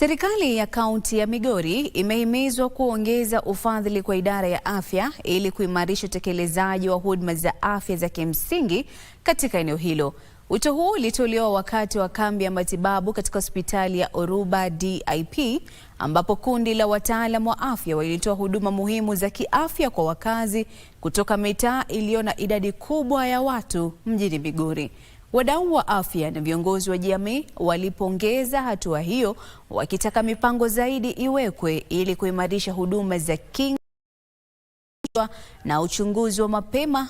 Serikali ya kaunti ya Migori imehimizwa kuongeza ufadhili kwa idara ya afya ili kuimarisha utekelezaji wa huduma za afya za kimsingi katika eneo hilo. Wito huu ulitolewa wakati wa kambi ya matibabu katika hospitali ya Oruba DIP ambapo kundi la wataalam wa afya walitoa huduma muhimu za kiafya kwa wakazi kutoka mitaa iliyo na idadi kubwa ya watu mjini Migori. Wadau wa afya na viongozi wa jamii walipongeza hatua wa hiyo, wakitaka mipango zaidi iwekwe ili kuimarisha huduma za kinga na uchunguzi wa mapema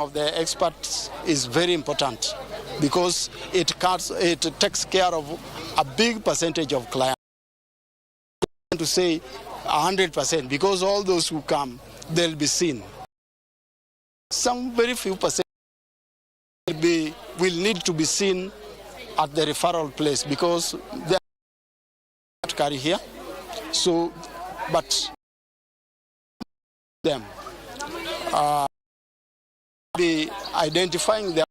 of the experts is very important because it cuts, it takes care of a big percentage of clients to say 100% because all those who come they'll be seen Some very few percent will, be, will need to be seen at the referral place because they are carry here. So, but them uh, be identifying them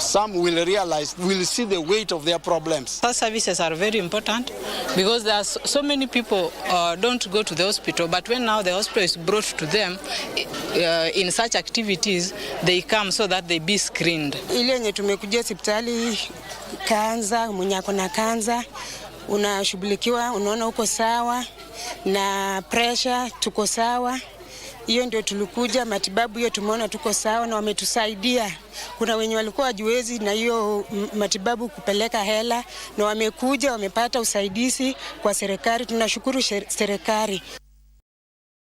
some will realize, will see the weight of their problems. Health services are very important because there are so many people uh, don't go to the hospital, but when now the hospital is brought to them uh, in such activities, they come so that they be screened. Ile yenye tumekuja hospitali kanza, mwenye na kanza unashughulikiwa, unaona uko sawa na pressure tuko sawa hiyo ndio tulikuja matibabu hiyo, tumeona tuko sawa na wametusaidia. Kuna wenye walikuwa wajiwezi na hiyo matibabu kupeleka hela, na wamekuja wamepata usaidizi kwa serikali. Tunashukuru serikali.